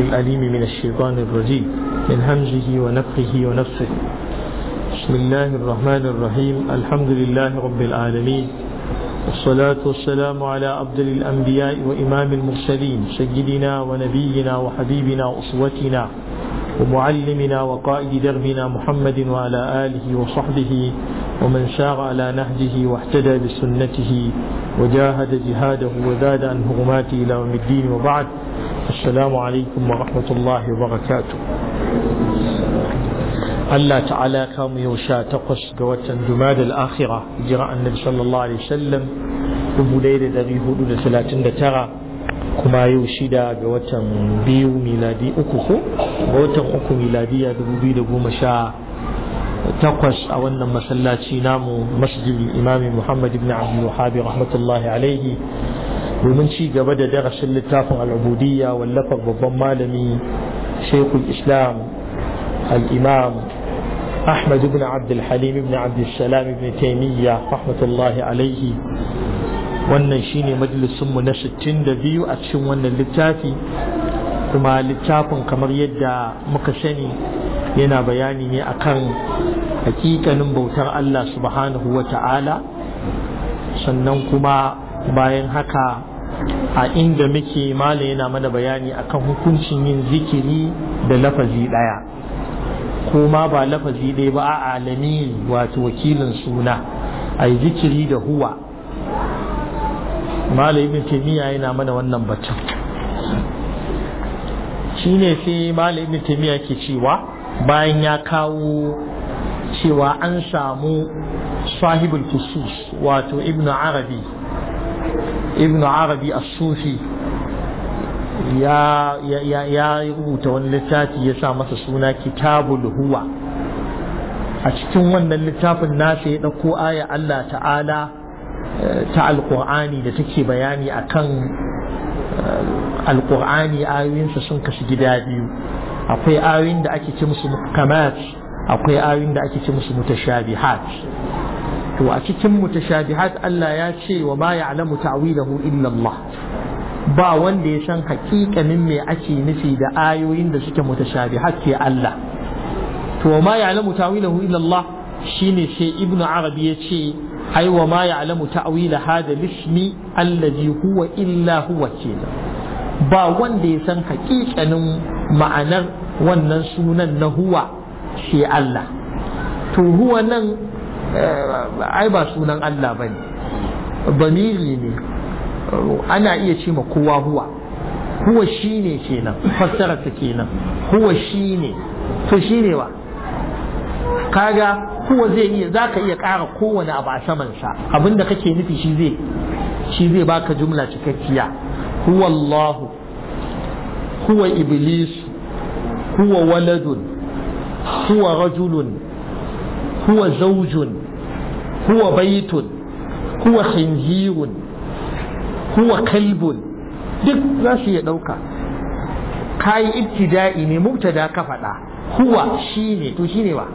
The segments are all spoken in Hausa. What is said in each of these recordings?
الأليم من الشيطان الرجيم من همجه ونفخه ونفسه بسم الله الرحمن الرحيم الحمد لله رب العالمين والصلاة والسلام على عبد الأنبياء وإمام المرسلين سيدنا ونبينا وحبيبنا وأسوتنا ومعلمنا وقائد دربنا محمد وعلى آله وصحبه ومن سار على نهجه واهتدى بسنته وجاهد جهاده وزاد عن هرماته إلى يوم الدين وبعد السلام عليكم ورحمة الله وبركاته Allah ta'ala kamu yau sha takwas ga watan Jumada al-Akhira jira annabi sallallahu alaihi wasallam dubu ɗaya da ɗari hudu da talatin da tara kuma yau shida ga watan biyu miladi uku ko dubu biyu da goma takwas a wannan masallaci namu masjidin imami Muhammad ibn Abdul alaihi domin ci gaba da darasin littafin al'ubudiyya wallafar babban malami shekul islam al'imam ahmad ibn abdulhalim ibn salam ibn taimiyya rahmatullahi alaihi wannan shine mu na 62 a cikin wannan littafi kuma littafin kamar yadda muka sani yana bayani ne akan hakikanin bautar Allah subhanahu wa ta'ala sannan kuma bayan haka a inda muke mala yana mana bayani akan hukuncin yin zikiri da lafazi ɗaya Kuma ba lafazi ɗaya ba a alami wato wakilin suna a yi zikiri da huwa mala ibn taimiyya yana mana wannan batun shi ne sai mala ibn taimiyya ke cewa bayan ya kawo cewa an samu sahibul kusus wato ibnu arabi ibn arabi as-sufi ya ya ya rubuta wani littafi ya sa masa suna kitabul huwa a cikin wannan littafin nasa ya ɗauko aya Allah ta'ala eh, ta alqur'ani da take bayani akan eh, alƙur'ani ayoyinsa sun kasu gida biyu akwai ayoyin da ake ce musu kamat akwai ayoyin da ake ce musu mutashabihat to a cikin mutashabihat Allah ya ce wa ma alamu ta'wilahu illa Allah ba wanda ya san haƙiƙanin me ake nufi da ayoyin da suke mutashabihat ke Allah to wa ma ya'lamu ta'wilahu illa Allah shine sai ibnu arabi ya ce ai wa ma ya'lamu ta'wila hada lismi allazi huwa illa huwa kenan ba wanda ya san haƙiƙanin ma'anar wannan sunan na huwa sai Allah to huwa nan Eh, ai ba sunan Allah bane bamiri ne ana iya ce ma kowa huwa huwa shi ne kenan fassararsa kenan huwa shi ne, to ne ba kaga huwa zai iya ka iya ƙara kowane abu a saman sa abinda kake nufi shi zai shi zai baka jumla cikakkiya huwa Allahu, huwa iblis huwa waladun huwa rajulun huwa zaujun huwa baitun huwa khinzirun huwa kalbun duk za su iya ɗauka kayi ibtida'i ne mubtada ka faɗa huwa shine to shine ba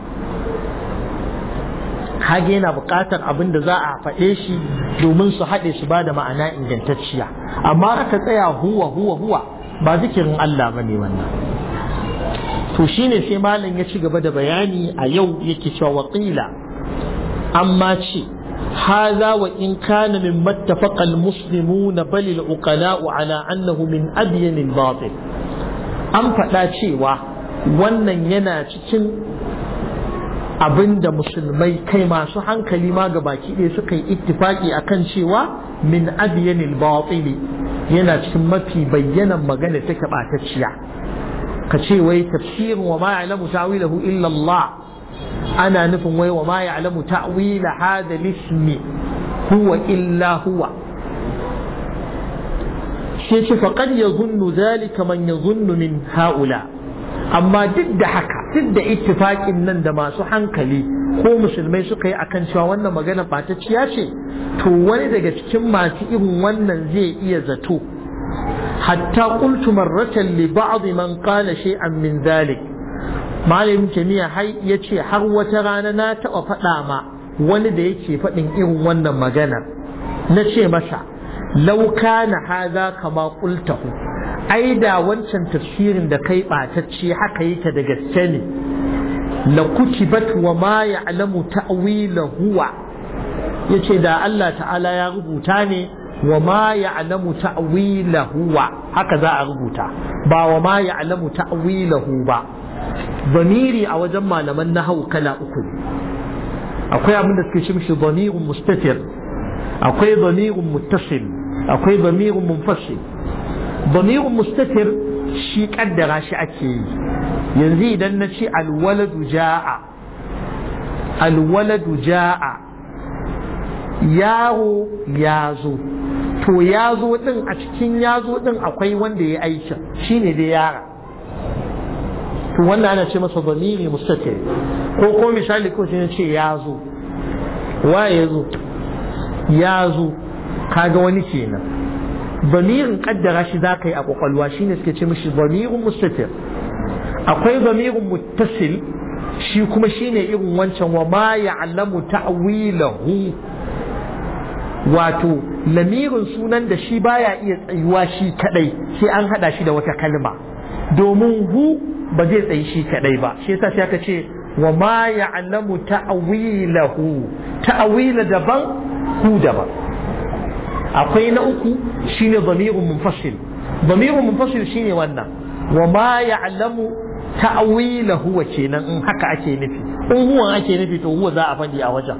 kage yana buƙatar abin da za a faɗe shi domin su haɗe su ba da ma'ana ingantacciya amma ka tsaya huwa huwa huwa ba zikirin Allah ba ne wannan to shine sai malam ya ci gaba da bayani a yau yake cewa waƙila amma ce هذا min كان مما اتفق المسلمون بل ala Annahu min من أبين الباطل An فلا cewa wannan yana cikin abinda musulmai kai masu hankali ma ga baki ɗaya suka yi ittifaki akan cewa min abiyanil batili yana cikin mafi bayyanan magana take ɓatacciya ka ce wai tafsirin wa ma ya'lamu tawilahu illa Allah ana nufin wai wa ma ya'lamu ta'wila hadha ismi huwa illa huwa shi ce faqad yazunnu zalika man yazunnu min haula amma duk da haka duk da ittifaqin nan da masu hankali ko musulmai suka yi akan cewa wannan magana batacciya ce to wani daga cikin masu irin wannan zai iya zato hatta qultu marratan li ba'd man qala shay'an min zalik malamin kimiyya hai ya ce har wata rana na taɓa faɗa ma wani da yake faɗin irin wannan maganar na ce masa lauka na haza kama kultahu ai da wancan tafsirin da kai ɓatacce haka yake da gaske ne la kutibat wa ma ya'lamu ta'wilahu yace da Allah ta'ala ya rubuta ne wa ma ya'lamu ta'wilahu haka za a rubuta ba wa ma ya'lamu ta'wilahu ba Bamiri a wajen malaman nahawu kala uku akwai abin da suke ce mishi zamirun mustatir akwai zamirun muttasil akwai zamirun munfasil zamirun mustatir shi kaddara shi ake yi yanzu idan na ce alwaladu ja'a alwaladu ja'a yaro ya zo to ya zo din a cikin ya zo akwai wanda ya aikin ne dai yara to wannan ana ce masa zamiri mustatir ko ko misali ko sai ce ya zo wa ya zo ya zo kaga wani kenan zamirin kaddara shi za ka yi a kwakwalwa shine suke ce mishi zamirin mustatir akwai zamirin muttasil shi kuma shine irin wancan wa ma ya'lamu ta'wilahu wato lamirin sunan da shi baya iya tsayuwa shi kadai sai an hada shi da wata kalma domin hu ba zai tsayi shi kadai ba shi yasa sai aka ce wa ma ya'lamu ta'wilahu ta'wila daban ku daban akwai na uku shine dhamiru munfasil dhamiru munfasil shine wannan wa ma ya'lamu ta'wilahu wa kenan in haka ake nufi in huwa ake nufi to huwa za a faɗi a wajen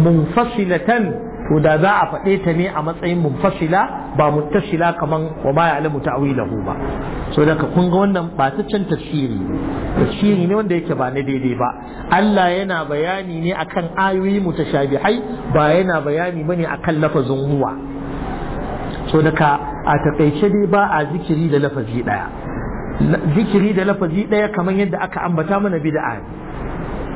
munfasilatan to da za a faɗe ta ne a matsayin munfasila ba muttasila kaman wa ma ya'lamu ta'wilahu ba so da kun ga wannan bataccen tafsiri tafsiri ne wanda yake ba na daidai ba Allah yana bayani ne akan ayoyi mutashabihai ba yana bayani bane akan lafazin huwa so da ka a takaice dai ba a zikiri da lafazi daya zikiri da lafazi daya kamar yadda aka ambata mana bid'a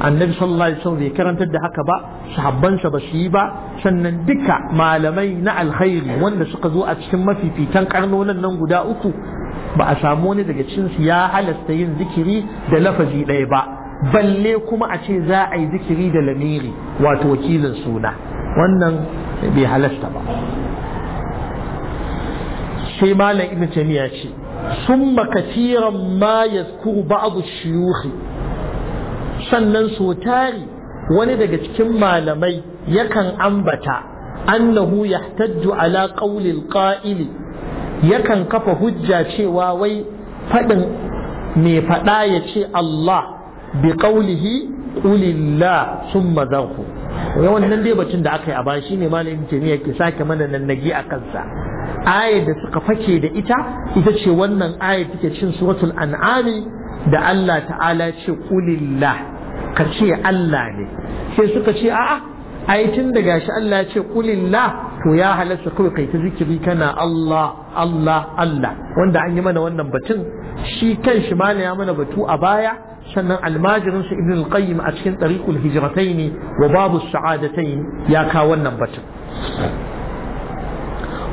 annabi sallallahu alaihi wasallam bai karantar da haka ba sahabbansa ba su yi ba sannan duka malamai na alkhairi wanda suka zo a cikin mafifitan karnonan nan guda uku ba a samu wani daga cikin su ya halasta yin zikiri da lafazi ɗaya ba balle kuma a ce za a yi zikiri da lamiri wato wakilin suna wannan bai halasta ba sai malam ibn tamiya ce summa kathiran ma yazkuru ba'd ash-shuyukh sannan so tari wani daga cikin malamai yakan ambata annahu yahtajju ala qawlil yakan kafa hujja cewa wai faɗin mai faɗa ya ce Allah bi qawlihi qulillah summa zarhu wannan dai batun da aka yi a baya shine malamin jami'a ke sake mana nan nagi a kansa ayar da suka fake da ita ita ce wannan ayar take cin suratul an'ami da Allah ta'ala ce qulillah ka ce Allah ne sai suka ce a'a ai tun da gashi Allah ya ce kulillah to ya halatta kawai kai ta zikiri kana Allah Allah Allah wanda an yi mana wannan batun shi kan shi ma ya mana batu a baya sannan almajirin su ibn al-qayyim a cikin tariqul ne wa babu sa'adatain ya kawo wannan batun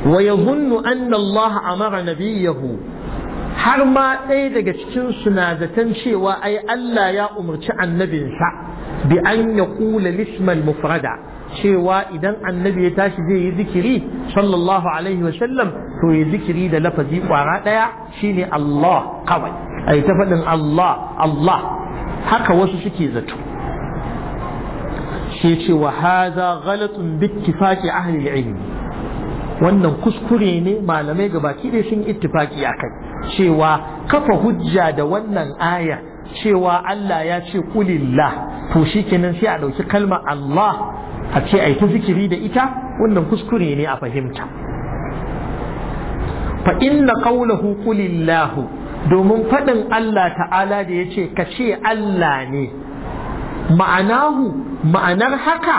ويظن أن الله أمر نبيه har ma ɗaya daga cikin suna zaton cewa ai Allah ya umarci annabinsa bi an ya kula lismal mufrada cewa idan annabi ya tashi zai yi zikiri sallallahu alaihi wa sallam to ya zikiri da lafazi kwara ɗaya shine Allah kawai ai ta faɗin Allah Allah haka wasu suke zato sai ce wa haza ghalatun bittifaqi ahli ilmi wannan kuskure ne malamai gabaki ɗaya sun a akai cewa kafa hujja da wannan aya cewa Allah ya ce kulillah to shikenan sai a ɗauki kalma Allah a ce yi ta zikiri da ita wannan kuskure ne a fahimta fa inna qawlahu qulillah domin faɗin Allah ta'ala da ya ce ka ce Allah ne ma'anahu ma'anar haka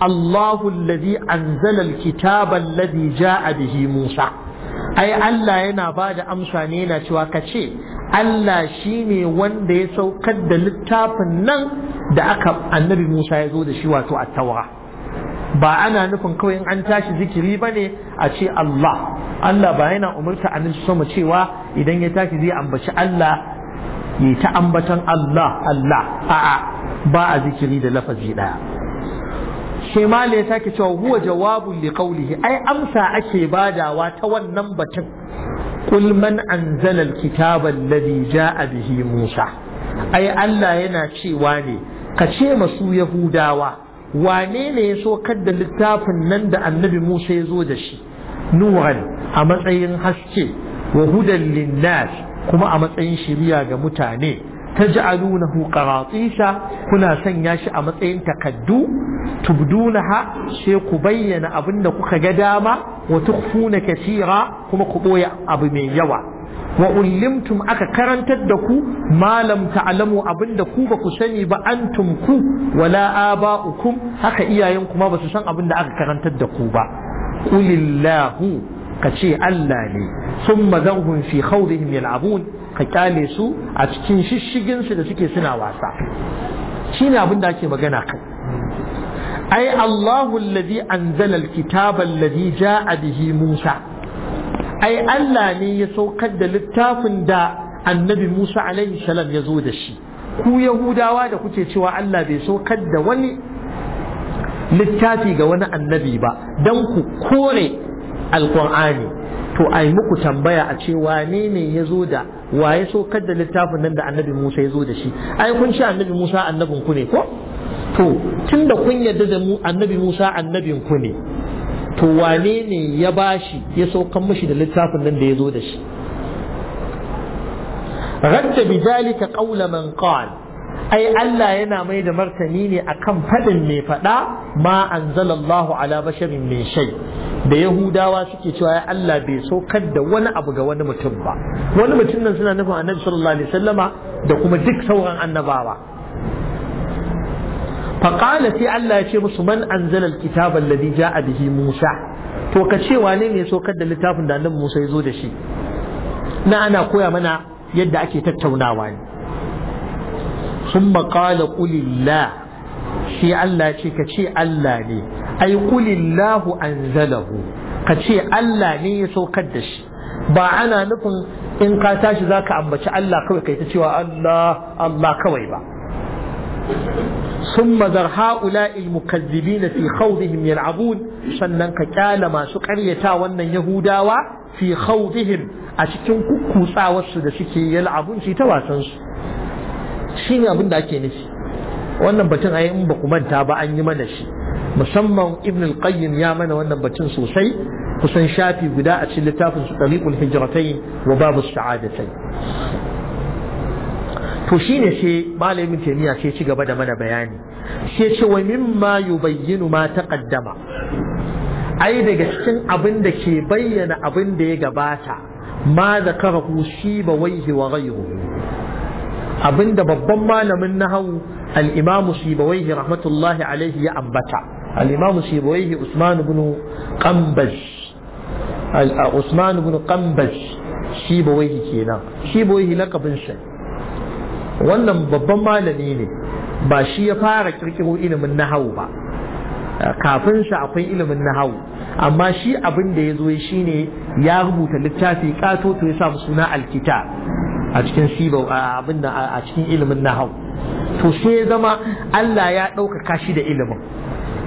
Allahu allazi anzala alkitaba allazi ja'a bihi Musa ai Allah yana ba da amsa ne yana cewa ka ce Allah shi ne wanda ya saukar da littafin nan da aka annabi Musa ya zo da shi wato a tawara. ba ana nufin kawai in an tashi zikiri ba ne a ce Allah Allah ba yana umarta nufin sama cewa idan ya tashi zai ambaci Allah ya ta ambatan Allah Allah a'a ba a zikiri da lafazi ɗaya sai mala ya sake cewa huwa jawabun li qawlihi ai amsa ake badawa ta wannan batun qul man anzala alkitaba alladhi jaa bihi musa ai Allah yana cewa ne ka ce masu yahudawa wane ne ya so kadda littafin nan da annabi musa ya zo da shi nuran a matsayin haske wa hudan linnas kuma a matsayin shiriya ga mutane taj'alunahu qaratisa kuna sanya shi a matsayin takaddu tubdunaha sai ku bayyana abin da kuka ga dama wa tukhfuna katira kuma ku boye abu mai yawa wa aka karantar da ku malam ta'lamu abin da ku ba ku sani ba antum ku wala aba'ukum haka iyayen kuma ba su san abin da aka karantar da ku ba qulillahu kace Allah ne summa zahum fi khawdihim yal'abun ka kyale su a cikin shishiginsu da suke suna wasa shi ne abin da ake magana kai ai Allahu alladhi anzala alkitaba alladhi ja'a bihi Musa ai Allah ne ya saukar da littafin da annabi Musa alaihi salam ya zo da shi ku Yahudawa da kuke cewa Allah bai saukar da wani littafi ga wani annabi ba don ku kore alkur'ani to ai muku tambaya a ce wane ne ya zo da waye so kadda littafin nan da annabi Musa ya zo da shi ai kun ce annabi Musa annabin ku ne ko to tunda kun yarda da mu annabi Musa annabin ku ne to wane ne ya bashi ya saukan mishi da littafin nan da ya zo da shi radda bidalika qawla man qala ai Allah yana mai da martani ne akan faɗin mai faɗa ma anzalallahu ala basharin mai shai. da yahudawa suke cewa ya Allah bai saukar da wani abu ga wani mutum ba wani mutum nan suna nufin annabi sallallahu alaihi wasallama da kuma duk sauran annabawa faqala sai Allah ya ce musu man anzala alkitaba alladhi jaa bihi Musa to ka ce wane ne saukar da littafin da annabi Musa ya zo da shi na ana koya mana yadda ake tattaunawa ne sun maƙala ƙulillah shi Allah ce ka ce Allah ne ai ƙulillahu an ka ce Allah ne ya da shi ba ana nufin in ka tashi za ka ambaci Allah kawai kai ta cewa Allah Allah kawai ba ثم ذر هؤلاء المكذبين في خوضهم Yal'abun sannan ka kyala masu ƙaryata wannan yahudawa fi khawdihim a cikin kukkutsawarsu da suke yal'abun shi ta wasan su shi ne abin da ake nufi wannan batun a in ba ku manta ba an yi mana shi musamman ibn al-qayyim ya mana wannan batun sosai kusan shafi guda a cikin littafin su tariqul hijratain wa babu sa'adatain to shine sai malamin taymiya sai ci gaba da mana bayani sai ce wa mimma yubayyinu ma taqaddama ai daga cikin abin da ke bayyana abin da ya gabata ma zakarahu shi ba waihi wa ghayruhu abinda babban malamin nahawu al-imamu shibawaihi rahmatullahi alaihi ya ambata al-imamu shibawaihi usman ibn qambaz uh, usman ibn qambaz shibawaihi kenan shibawaihi lakabin shi wannan babban malami ne ba shi ya fara kirkiro ilimin nahawu ba kafin sa akwai ilimin nahawu amma shi abin da ya zo shine ya rubuta littafi kato to ya sa suna alkita a cikin siba a cikin ilimin nahau to sai zama Allah ya ɗaukaka shi da ilimin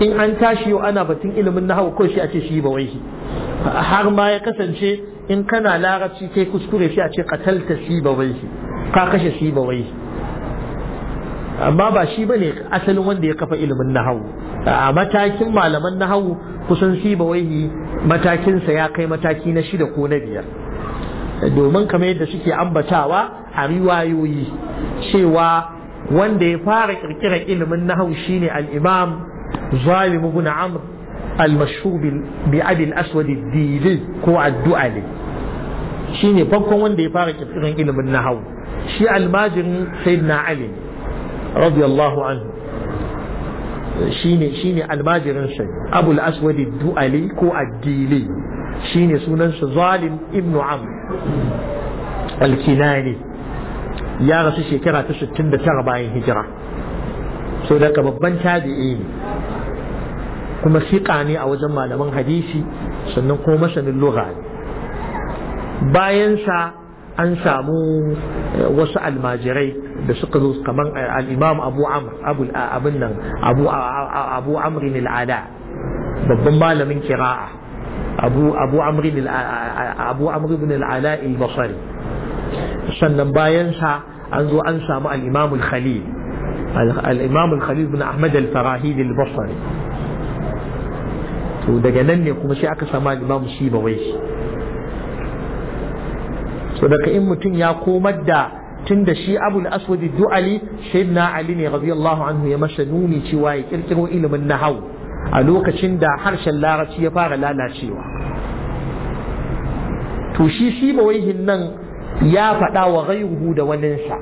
in an tashi yau ana batun ilimin na hau kawai shi a ce shi wai har ma ya kasance in kana larabci kai kuskure shi a ce katalta shi shi ka kashe shi wai amma ba shi ba ne asalin wanda ya kafa ilimin na hau. a matakin malaman na hau kusan shi wai matakinsa ya kai mataki na shida ko na biyar domin kamar yadda suke ambatawa a riwayoyi cewa wanda ya fara kirkirar ilimin na hau shine al-imam zalim ibn amr al-mashhur bi abi al-aswad ad-dili ko addu'a ne shine farkon wanda ya fara kirkirar ilimin na hau. shi almajirin sayyidina ali radiyallahu anhu shine shine almajirin sai abul aswad ad-du'ali ko ad shine sunansa zalim ibn amr al-kinani ya rasu shekara ta 69 bayan hijira so daga babban tabi'i ne kuma siƙa ne a wajen malaman hadisi sannan kuma masanin lugha ne bayansa an samu eh, wasu almajirai da suka zo kamar eh, al'imam abu amr eh, abin nan abu babban malamin kira'a abu abu amrin al-ala sannan bayan sa an zo an samu al-imam al-khalil al-imam al-khalil bin ahmad al-farahidi al to daga nan ne kuma sai aka samu al-imam sibawai so daga in mutum ya komar da tun da shi abul aswad du'ali sayyidina ali ne radiyallahu anhu ya masa nuni cewa ya kirkiro ilimin nahwu a lokacin da harshen larabci ya fara lalacewa to shi shi mawaihin nan ya faɗa wa ghayruhu da waninsa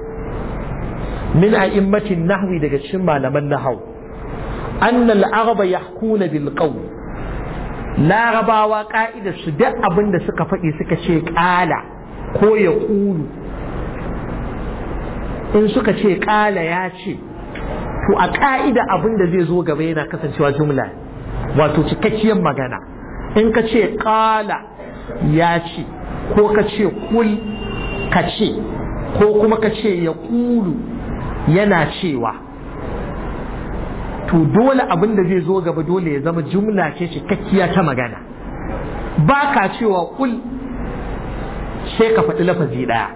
min a'immatin nahwi daga cikin malaman nahau anna al-araba yahkuna bil qawl larabawa ka'ida su duk abin da suka faɗi suka ce ƙala ko ya ƙulu in suka ce ƙala ya ce to a ka'ida abin da zai zo gaba yana kasancewa jumla wato cikakkiyar magana in ka ce ƙala ya ce ko ka ce kul ka ce ko kuma ka ce ya kulu yana cewa to dole abin da zai zo gaba dole ya zama jumla ce cikakkiya ta magana ba ka cewa kul sai ka faɗi lafazi ɗaya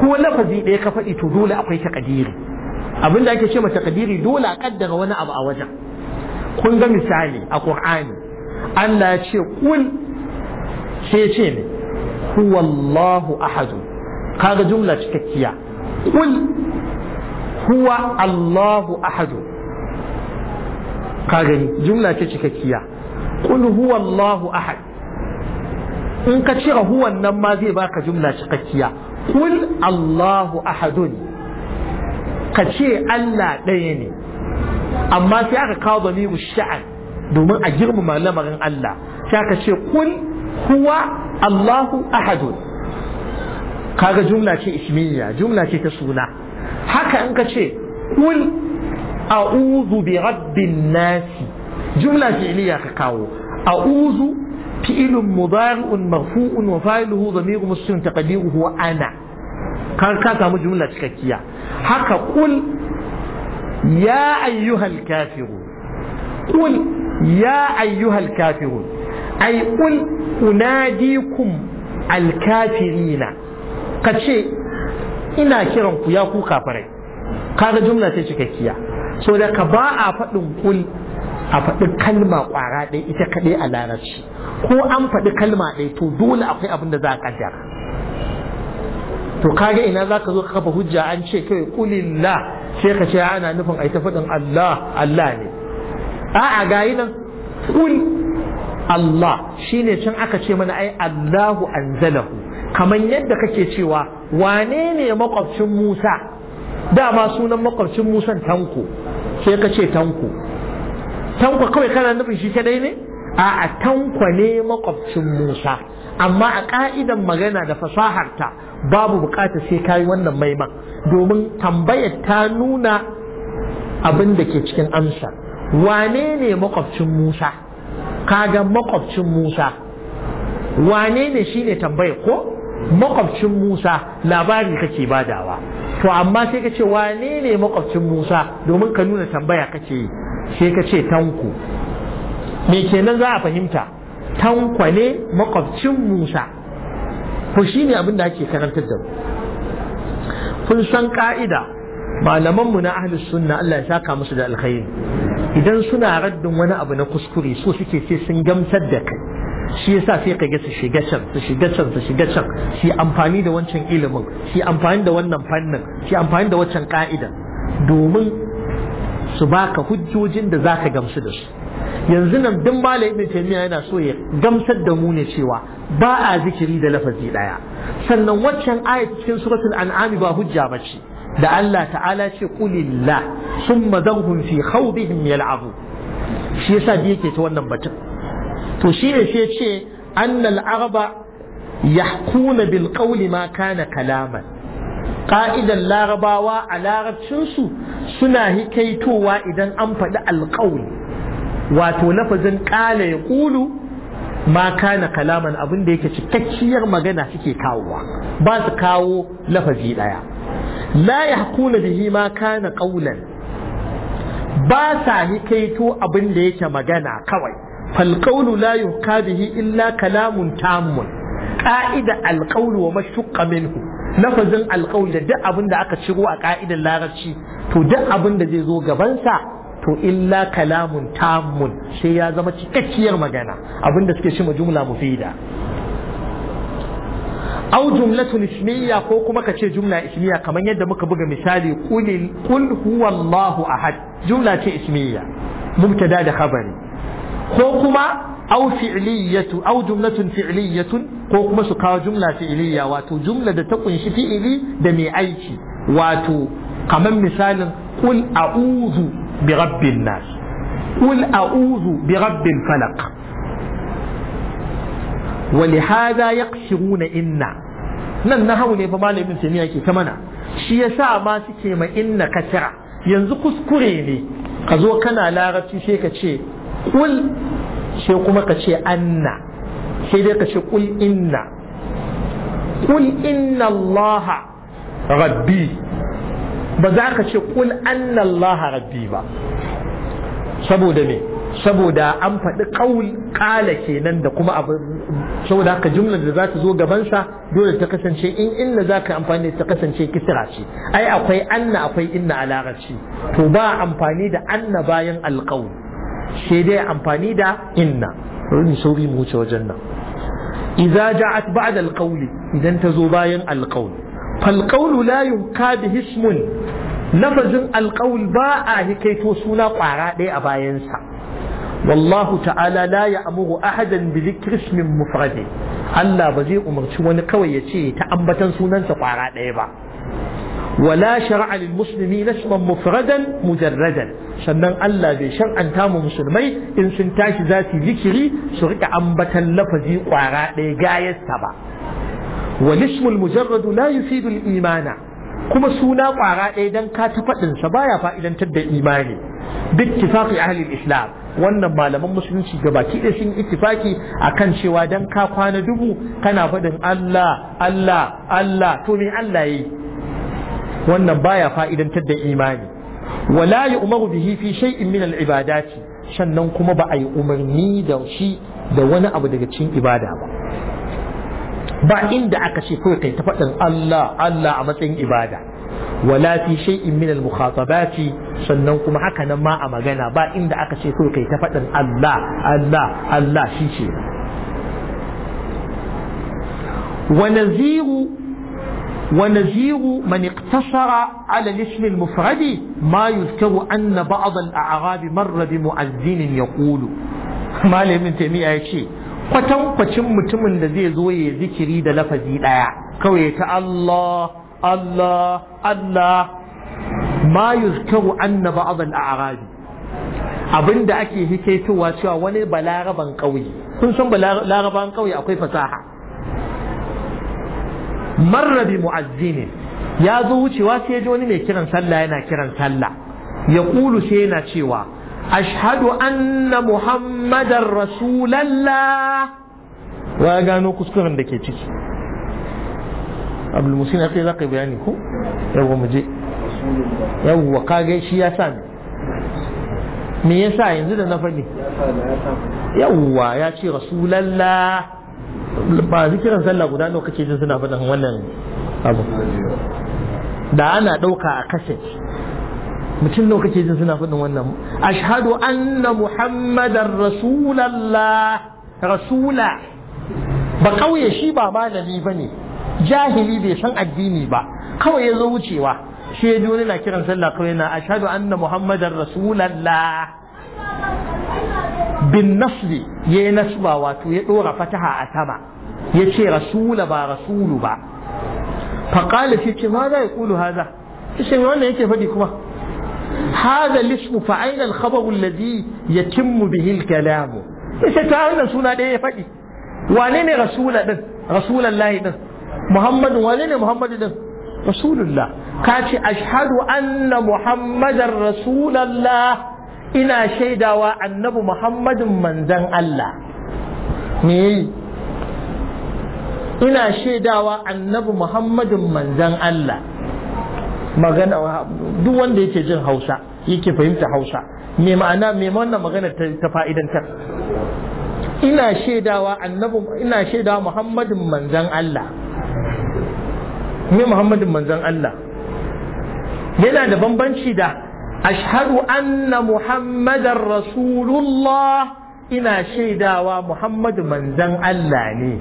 ko lafazi ɗaya ka faɗi to dole akwai ƙadiri abin da ake ce mata kadiri dole a kaddara wani abu a wajen kun ga misali a qur'ani Allah ya ce kul sai ce ne huwallahu ahad kaga jumla cikakkiya kul huwa Allahu ahad ka gani jumla ce cikakkiya kul huwa Allahu ahad in ka cire huwan nan ma zai baka jumla cikakkiya kul Allahu ahadun ka ce Allah ɗaya ne amma sai aka kawo zamiru sha'an domin a girmama lamarin Allah sai aka ce kul huwa Allahu ahadun kaga jumla ce ismiya jumla ce ta suna haka in ka ce kul a'udhu bi rabbin nasi jumla fi'liya ka kawo a'udhu fi'lun mudari'un marfu'un wa fa'iluhu dhamiru muslim taqdiruhu ana kar ka samu jumla cikakkiya haka kul ya ayyuhal kafiru kul ya ayyuhal kafiru ai kul unadikum alkafirina ka ce ina kiran ku ya ku kafirai kaga jumla ce cikakkiya so da ka ba a faɗin kul a faɗi kalma ƙwara ɗaya ita kaɗai a larabci ko an faɗi kalma ɗaya to dole akwai abin da za a ƙaddara to kaga ina zaka zo ka kafa hujja an ce kai kulilla sai ka ce ana nufin ai ta faɗin Allah Allah ne a'a gayi nan kul Allah shine can aka ce mana ai Allahu anzalahu kaman yadda kake cewa wane ne makwabcin Musa dama sunan makwabcin Musa tanko sai ka ce tanko tanko kawai kana nufin shi kadai ne a'a tanko ne makwabcin Musa amma a ka'idan magana da fasaharta babu bukatar sai kayi wannan maiman domin tambayar ta nuna abin da ke cikin amsa wane ne makwabcin musa kaga makwabcin musa wane ne ne tambayar ko makwabcin musa labari kake badawa to amma sai ka ce wane ne makwabcin musa domin ka nuna tambaya kake yi sai ka ce tanku me kenan za a fahimta tankwa ne makwabcin musa ko ne abin da ake karantar da mu kun san ka'ida malaman mu na ahlus sunna Allah ya saka musu da alkhair idan suna raddin wani abu na kuskure so suke ce sun gamsar da kai shi yasa sai ka ga su shiga can su shiga can su shiga can su amfani da wancan ilimin su amfani da wannan fannin su amfani da wancan ka'idan domin su baka hujjojin da zaka gamsu da su yanzu nan duk malam ibn taymiya yana so ya gamsar da mu ne cewa ba a zikiri da lafazi daya sannan waccan ayat cikin suratul an'am ba hujja bace da Allah ta'ala ce qulillah summa dahum fi khawdihim yal'abu shi yasa da yake ta wannan batun to shi ne ce annal araba yahkuna bil qawli ma kana kalaman ka'idan larabawa a larabcinsu suna hikaitowa idan an faɗi alƙawli wato lafazin ƙala ya ƙulu ma kana kalaman abin da yake cikakkiyar magana suke kawowa ba su kawo lafazi ɗaya la ya hakuna bihi ma kana ƙaunar ba sa hikaito abin da yake magana kawai falƙaunu la yuhka bihi illa kalamun tamun ƙa'ida alƙaunu wa mashtuqqa minhu lafazin alƙaunu da duk abin da aka ciro a ƙa'idar larabci to duk abin da zai zo gabansa Ko illa kalamun tamun sai ya zama cikakkiyar magana abinda suke shi jumla mufida au jumlatun ismiya ko kuma ka ce jumla ismiya kamar yadda muka buga misali qul huwallahu ahad jumla ce ismiya mubtada da khabari ko kuma أو فعلية أو جملة فعلية ko kuma su kawo jumla fi'iliya wato jumla da ta kunshi fi'ili da mai aiki wato kamar misalin qul a'udhu bi rabbin nas qul a'udhu bi rabbil falaq wa li hadha yaqshuruna inna nan hau ne fa malamin tamiya ke ta mana shi sa ma suke ma inna kasira yanzu kuskure ne ka zo kana larabci sai ka ce kul sai kuma ka ce anna sai dai ka ce kul inna kul inna allaha rabbi ba za ka ce kul anna rabbi ba saboda me saboda an faɗi ƙaul ƙala kenan da kuma abu saboda haka jumlar da za ta zo gabansa dole ta kasance in inna za ka amfani ta kasance kisira ce ai akwai anna akwai inna a larabci to ba amfani da anna bayan alƙaul sai dai amfani da inna rubi sauri mu wuce wajen nan idza ja'at ba'da alqawl idan ta zo bayan alqawl falƙaunu la yunka hismun lafazin alƙaun ba a hikaito suna ƙwara ɗaya a bayansa wallahu ta'ala la amuru ahadan bi zikrismin mufradi Allah ba zai umarci wani kawai ya ce ta ambatan sunansa ƙwara ɗaya ba ولا شرع للمسلمين اسما مفردا مجردا sannan Allah bai shar'anta mu musulmai in sun tashi za su zikiri su rika ambatan lafazi ƙwara ɗaya gayarsa ba والاسم المجرد لا يفيد الإيمان كما سونا قارا إذن كاتفة سبايا فإذا تبدأ إيماني باتفاق أهل الإسلام wannan malaman musulunci gabaki da sun ittifaki akan cewa dan ka kwana dubu kana faɗin Allah Allah Allah to me Allah yi wannan baya fa'idantar da imani wala ya umaru bihi fi shay'in min al-ibadati sannan kuma ba a yi umarni da shi da wani abu daga cikin ibada ba ba inda aka ce kawai kai ta faɗin Allah Allah a matsayin ibada wala fi shay'in min al-mukhatabati sannan kuma haka nan ma a magana ba inda aka ce kawai kai ta faɗin Allah Allah Allah shi ce wa naziru wa naziru man iqtasara ala al-ism al-mufrad ma yuzkaru anna ba'd al-a'rab marra bi mu'azzin yaqulu malamin tamiya yace kwatankwacin mutumin da zai zo ya zikiri da lafazi ɗaya kawai ta Allah Allah Allah ma yuzkaru anna ba'd al abinda ake hikaitowa cewa wani balaraban ƙauye kun san balaraban ƙauye akwai fasaha marrabi mu'azzini ya zo wucewa sai ya ji wani mai kiran sallah yana kiran sallah ya kulu sai yana cewa ashhadu anna muhammadar rasulallah wa gano kuskuren da ke ciki abdul musin ce za ka bayani ko yawwa mu je yawwa kage shi ya sa me me yasa yanzu da na faɗi yawwa ya ce rasulallah ba zikiran sallah guda nawa kake jin suna faɗin wannan abu da ana ɗauka a kaset mutum nawa kake jin suna faɗin wannan ashhadu anna muhammadan rasulallah rasula ba kauye shi ba malami ba ne jahili bai san addini ba kawai ya zo wucewa shi ya wani na kiran sallah kawai na ashhadu anna muhammadan rasulallah bin nasri ya yi nasba wato ya ɗora fataha a sama ya ce rasula ba rasulu ba faƙali ce ma za ya ƙulu haza shi wannan yake faɗi kuma هذا الاسم فأين الخبر الذي يتم به الكلام إيش تعالى سنة دي فدي وانين رسول دن رسول الله دن محمد وانين محمد دن رسول الله كاتي أشهد أن محمد رسول الله إنا شيدا وأنب محمد من ذن الله مي ina shaidawa annabi Muhammadin manzan Allah magana duk wanda yake jin hausa yake fahimta hausa me ma'ana me wannan magana ta fa'idantar ina shaidawa annabi ina shaidawa muhammadin manzan Allah me muhammadin manzan Allah yana da bambanci da ashhadu anna muhammadar rasulullah ina shaidawa muhammadu manzan Allah ne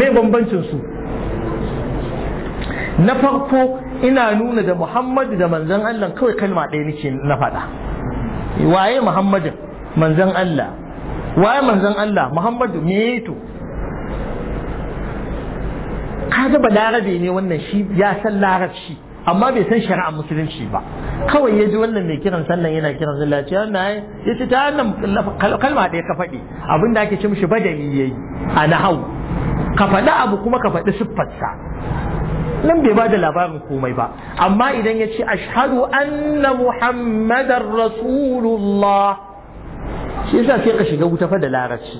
me bambancin su na farko ina nuna da Muhammadu da Manzan Allah kawai kalma ɗaya nake na faɗa waye Muhammadu manzan Allah waye manzan Allah Muhammadu me to kaga ba larabe ne wannan shi ya san larabci amma bai san shari'a musulunci ba kawai ya ji wannan mai kiran sallan yana kiran sallah ce wannan ya ce ta wannan kalma ɗaya ka faɗi abin da ake ce mishi badali yayi a na hau. ka faɗi abu kuma ka faɗi siffarsa nan bai ba da labarin komai ba amma idan ya ce ashadu anna muhammadar rasulullah shi yasa sai ka shiga wuta fa da larabci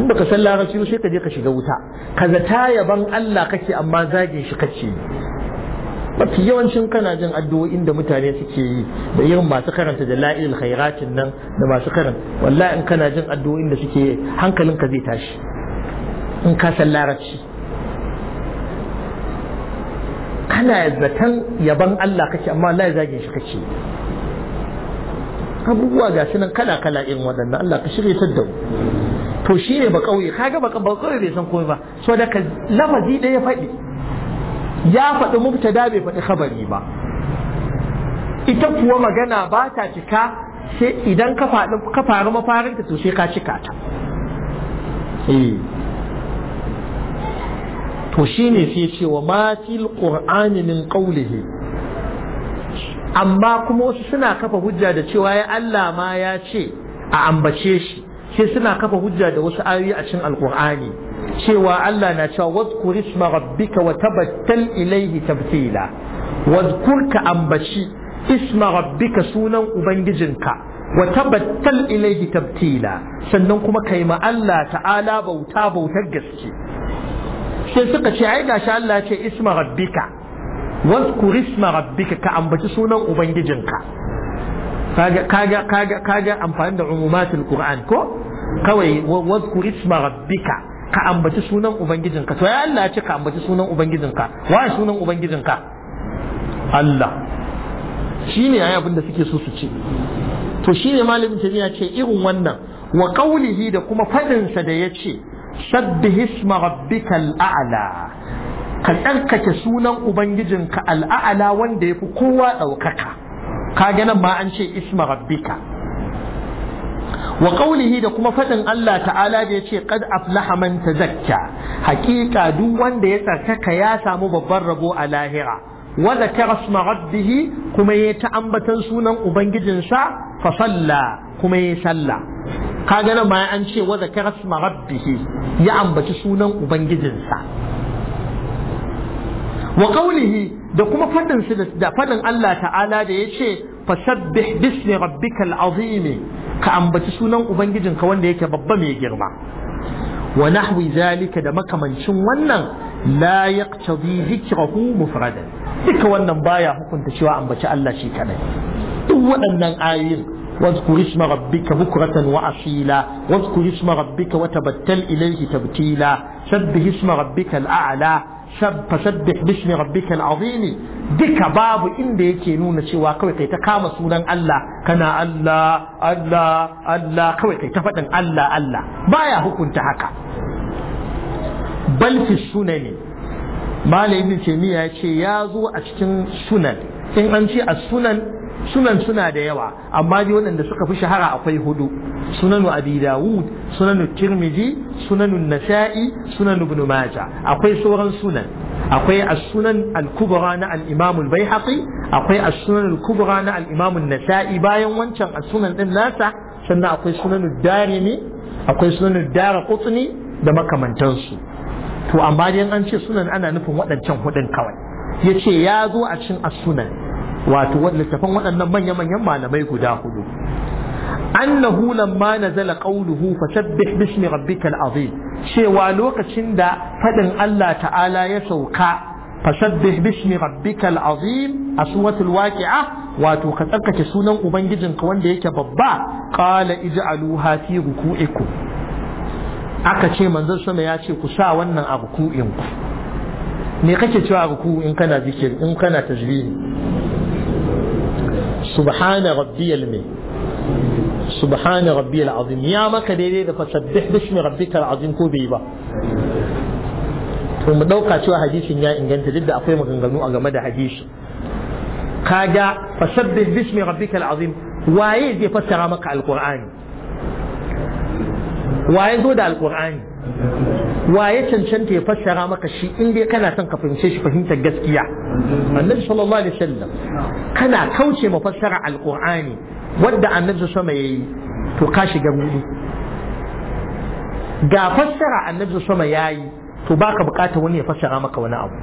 in baka san larabci sai ka je ka shiga wuta ka zata yaban Allah kake amma zagin shi kake mafi yawancin kana jin addu'o'in da mutane suke yi da irin masu karanta da la'il khairatin nan da masu karanta wallahi in kana jin addu'o'in da suke hankalinka zai tashi in ka san larabci kana zaton yaban Allah kake amma Allah ya zage shi kake abubuwa ga shi nan kala kala irin waɗannan Allah ka shirye ta da to shi ne ba kauye kaga ba kauye bai san komai ba so da ka lafazi ɗaya faɗi ya faɗi mubtada bai faɗi khabari ba ita kuwa magana ba ta cika sai idan ka ka faru mafarinta to sai ka cika ta eh to ne sai ce wa ma fil min qawlihi amma kuma wasu suna kafa hujja da cewa ya Allah ma ya ce a ambace shi sai suna kafa hujja da wasu ayoyi a cikin Alƙur'ani. cewa Allah na cewa wadhkur isma rabbika wa tabattal ilayhi tabtila wadhkur ka ambaci isma rabbika sunan ubangijinka wa tabattal ilayhi tabtila sannan kuma kai ma Allah ta'ala bauta bautar gaske sai suka ce ai gashi Allah ce isma rabbika wazkur isma rabbika ka ambaci sunan ubangijinka kaga kaga kaga kaga amfani da umumatul qur'an ko kawai wazkur isma rabbika ka ambaci sunan ubangijinka to ya Allah ce ka ambaci sunan ubangijinka wa sunan ubangijinka Allah Shi shine ai abin da suke so su ce to shi ne malamin tabiya ce irin wannan wa qawlihi da kuma fadin sa da yace sabbih isma rabbikal a'la ka tsarkake sunan ubangijinka al'a'la wanda yafi kowa ɗaukaka. kaga nan ma an isma rabbika wa qawlihi da kuma faɗin Allah ta'ala da yace qad aflahamanta man tazakka hakika duk wanda ya tsarkaka ya samu babban rabo a lahira wa zakara isma rabbih kuma ya ta ambatan sunan ubangijinsa fa salla kuma ya salla Ka nan bayan an ce wa zakara sma rabbihi ya ambaci sunan ubangijinsa wa qawlihi da kuma fadin su da fadin Allah ta'ala da yace fasabbih bismi rabbikal azim ka ambaci sunan ubangijinka wanda yake babba mai girma wa nahwi zalika da makamancin wannan la yaqtadi dhikrahu mufradan duka wannan baya hukunta cewa ambaci Allah shi kadai duk waɗannan ayoyin واذكر اسم ربك بكرة وأصيلا واذكر اسم ربك وتبتل إليه تبتيلا سبح اسم ربك الأعلى فسبح باسم ربك العظيم duka babu inda yake nuna cewa kawai kai ta kama sunan Allah kana Allah Allah Allah kawai kai ta faɗin Allah Allah baya hukunta haka bal fi sunani malamin ibn taymiya ya ce ya zo a cikin sunan in an ce a sunan sunan suna da yawa amma dai waɗanda suka fi shahara akwai hudu sunanu abi dawud sunanu tirmidhi sunanu nasa'i sunanu ibn majah akwai sauran sunan akwai as-sunan al-kubra na al-imam al-baihaqi akwai as-sunan al-kubra na al-imam an-nasa'i bayan wancan as-sunan din nasa sannan akwai sunanu darimi akwai sunanu daraqutni da makamantansu to amma dai an ce sunan ana nufin waɗancan hudun kawai yace ya zo a cikin as-sunan wato littafan waɗannan manya-manyan malamai guda hudu annahu lamma nazala qawluhu fasabbih bismi rabbikal azim cewa lokacin da fadin Allah ta'ala ya sauka fasabbih bismi rabbikal azim a suratul waqi'a wato ka tsarkake sunan ubangijinka wanda yake babba qala ij'aluha fi ruku'ikum aka ce manzon sama ya ce ku sa wannan a ruku'in ku me kake cewa a ruku'in kana zikir in kana tajbihi سبحان ربي المي سبحان ربي العظيم يا ما كدي ده فسبح باسم ربك العظيم كو بيبا to mu dauka cewa hadisin ya inganta duk da akwai maganganu a game da hadisi kaga fasabbih bismi rabbikal azim waye zai fassara maka alqur'ani waye zo da alqur'ani wa ya cancanta ya fassara maka shi in dai kana son ka fahimce shi fahimtar gaskiya annabi sallallahu alaihi wasallam kana kauce ma fassara alqur'ani wanda annabi sama yayi to ka shiga rudu ga fassara annabi sama yayi to baka bukata wani ya fassara maka wani abu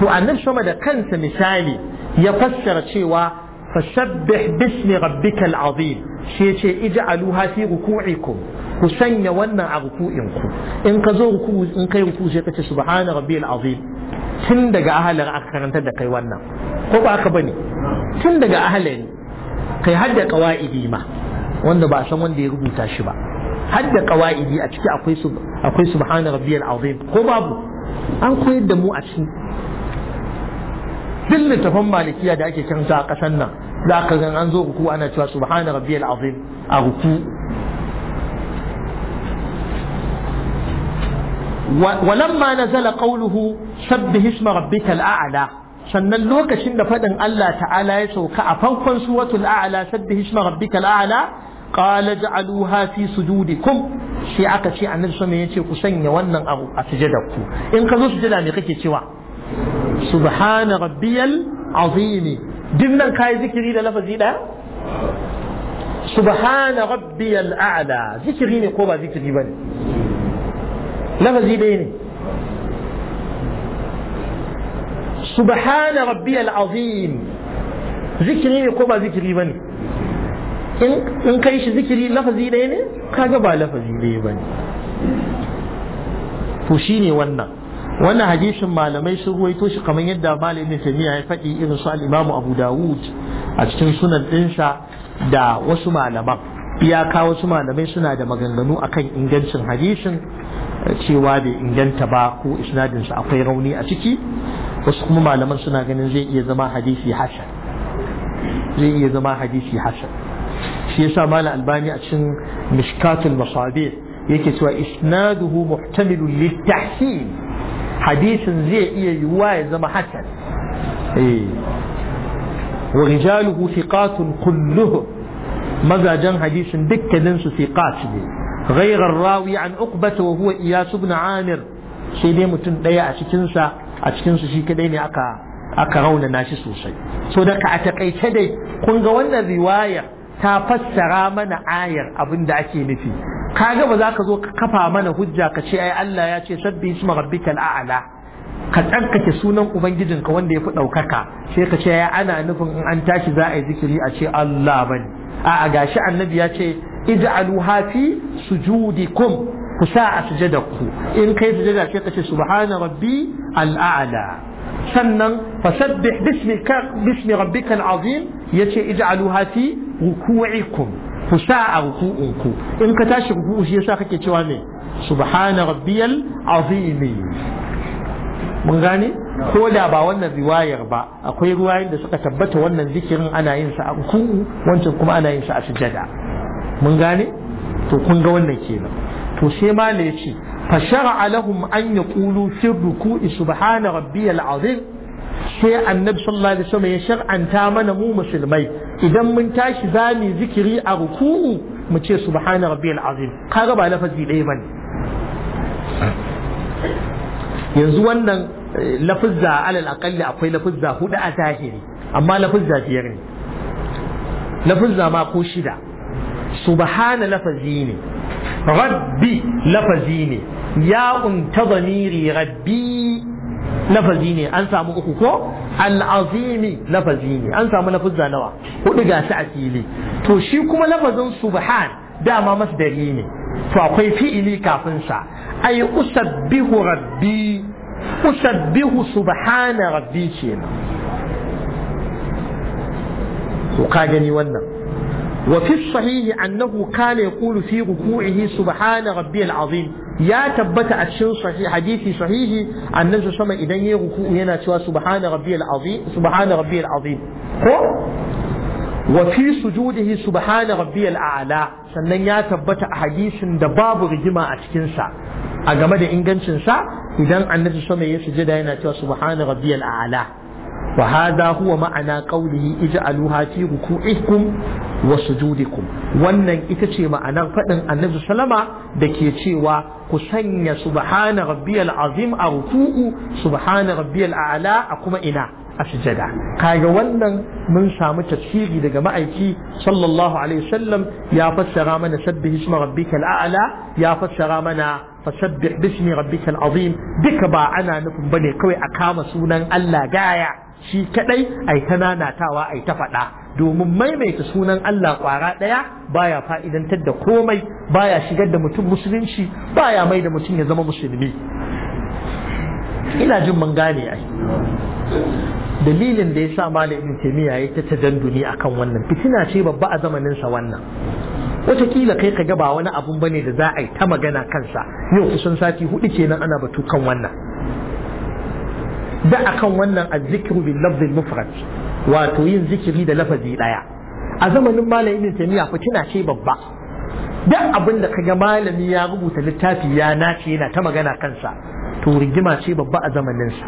to annabi sama da kansa misali ya fassara cewa fasabbih bismi rabbikal azim shi yace ij'aluha fi ruku'ikum ku sanya wannan a ruku'in ku in ka zo ruku in kai ku sai ka ce subhana rabbiyal azim tun daga ahalin aka karanta da kai wannan ko ba haka bane tun daga ahalin kai hadda qawaidi ma wanda ba san wanda ya rubuta shi ba hadda qawaidi a ciki akwai su akwai subhana rabbiyal azim ko babu an koyar da mu a ciki duk tafan malikiya da ake karanta a kasan nan za ka ga an zo ruku ana cewa subhana rabbiyal azim a ruku ولما نزل قوله سبح اسم ربك الأعلى sannan lokacin da faɗin Allah ta'ala ya sauka a farkon suwatul a'la sabbih isma rabbikal a'la qala ja'aluha fi sujudikum sai aka ce annabi sallallahu alaihi yace ku sanya wannan abu a sujudarku in ka zo sujada me kake cewa subhana rabbiyal azimi dinnan kai zikiri da lafazi da subhana rabbiyal a'la zikiri ne ko ba zikiri bane lafazi ɗaya ne subhana rabbi azim zikiri ne ko ba zikiri ba ne in kai shi zikiri lafazi ɗaya ne kaga ba lafazi ɗaya ba ne to ne wannan wannan hadisin malamai sun ruwaito shi kamar yadda malamin ibn ya faɗi irin su al-imamu abu dawud a cikin sunan ɗinsa da wasu malaman ya kawo su malamai suna da maganganu akan ingancin hadisin cewa da inganta ba ko isnadin sa akwai rauni a ciki wasu kuma malaman suna ganin zai iya zama hadisi hasan zai iya zama hadisi hasan shi yasa malam albani a cikin mishkatul masabir yake cewa isnaduhu muhtamilun litahsin hadisin zai iya yiwuwa ya zama hasan eh ورجاله ثقات كلهم mazajen hadisin dukkanin su siqat ne ghayrar rawi uku uqbata wa huwa iyas ibn sai dai mutum ɗaya a cikin a cikin shi kadai ne aka aka raunana shi sosai so da ka a takaice dai kun ga wannan riwayar ta fassara mana ayar abin da ake nufi kaga ba za ka zo ka kafa mana hujja ka ce ai Allah ya ce sabbi isma rabbikal a'la ka tsarkake sunan ubangijinka wanda ya fi ɗaukaka sai ka ce ya ana nufin in an tashi za a yi zikiri a ce Allah bane a'a gashi annabi ya ce ij'aluha fi sujudikum ku sa a ku in kai sujada sai ka ce subhana rabbi al'ala sannan fasabbih bismi bismi rabbikal azim yace ij'aluha fi ruku'ikum ku sa a ruku'unku in ka tashi ruku'u shi yasa kake cewa me subhana rabbiyal azim mun gane ko da ba wannan riwayar ba akwai ruwayoyin da suka tabbata wannan zikirin ana yin sa a ruku'u wancan kuma ana yin sa a sujada mun gane to kun ga wannan kenan to sai ma ne yace fa shar'a lahum an yaqulu fi ruku'i subhana rabbiyal azim sai annabi sallallahu alaihi wasallam ya shar'anta mana mu musulmai idan mun tashi zamu zikiri a ruku'u mu ce subhana rabbiyal azim kaga ba lafazi ɗaya bane yanzu wannan eh, lafizza alal aqalli akwai lafizza hudu a zahiri amma lafizza biyar ne lafizza ma ko shida subhana lafazi ne rabbi lafazi ne ya'un ta zamiri rabbi lafazi ne an samu uku ko al'azimi lafazi ne an samu lafizza nawa hudu ga su a fili to shi kuma lafazin subhan dama masdari ne to akwai fi'ili kafin sa ay usabbihu rabbi usabbihu subhana rabbi kenan to ka gani wannan وفي الصحيح أنه كان يقول في ركوعه سبحان ربي العظيم يا تبت أشن صحيح حديثي صحيح أن نفسه سما إذا يركوع هنا سبحان ربي العظيم سبحان ربي العظيم هو Wafi fi sujudihi subhana rabbiyal a'la sannan ya tabbata a hadisin da babu rigima a cikinsa. a game da ingancin sa idan annabi sama ya sujada yana cewa subhana rabbiyal a'la wa hadha huwa ma'ana qawlihi ij'aluha fi ruku'ikum wa sujudikum wannan ita ce ma'anar faɗin annabi sallama da ke cewa ku sanya subhana rabbiyal azim a ruku'u subhana rabbiyal a'la a kuma ina a sujada kaga wannan mun samu tafsiri daga ma'aiki sallallahu alaihi wasallam ya fassara mana sabbih isma rabbikal a'la ya fassara mana fasabbih bismi rabbikal azim duka ba ana nufin bane kawai a kama sunan Allah gaya shi kadai ai ta nanatawa ai ta faɗa domin maimaita sunan Allah kwara ɗaya baya fa'idantar da komai baya shigar da mutum musulunci baya mai da mutum ya zama musulmi ina jin mun gane ai dalilin da ya sa malam ibn ya ta tadanduni akan wannan fitina ce babba a zamanin sa wannan wataƙila kai ka ga ba wani abun bane da za a yi ta magana kansa yau kusan sati hudu kenan ana batu kan wannan da akan wannan azzikru bil lafzil mufrad wato yin zikiri da lafazi daya a zamanin malam ibn fitina ce babba duk abin da ka ga malami ya rubuta littafi ya nace yana ta magana kansa to rigima ce babba a zamaninsa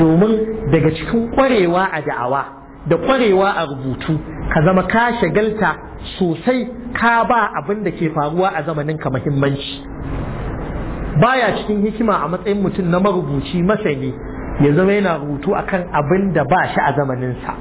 domin daga cikin kwarewa a da'awa da kwarewa a rubutu ka zama ka shagalta sosai ka ba abin da ke faruwa a zamanin ka muhimmanci baya cikin hikima a matsayin mutum na marubuci masani ya zama yana rubutu akan abin da ba shi a zamaninsa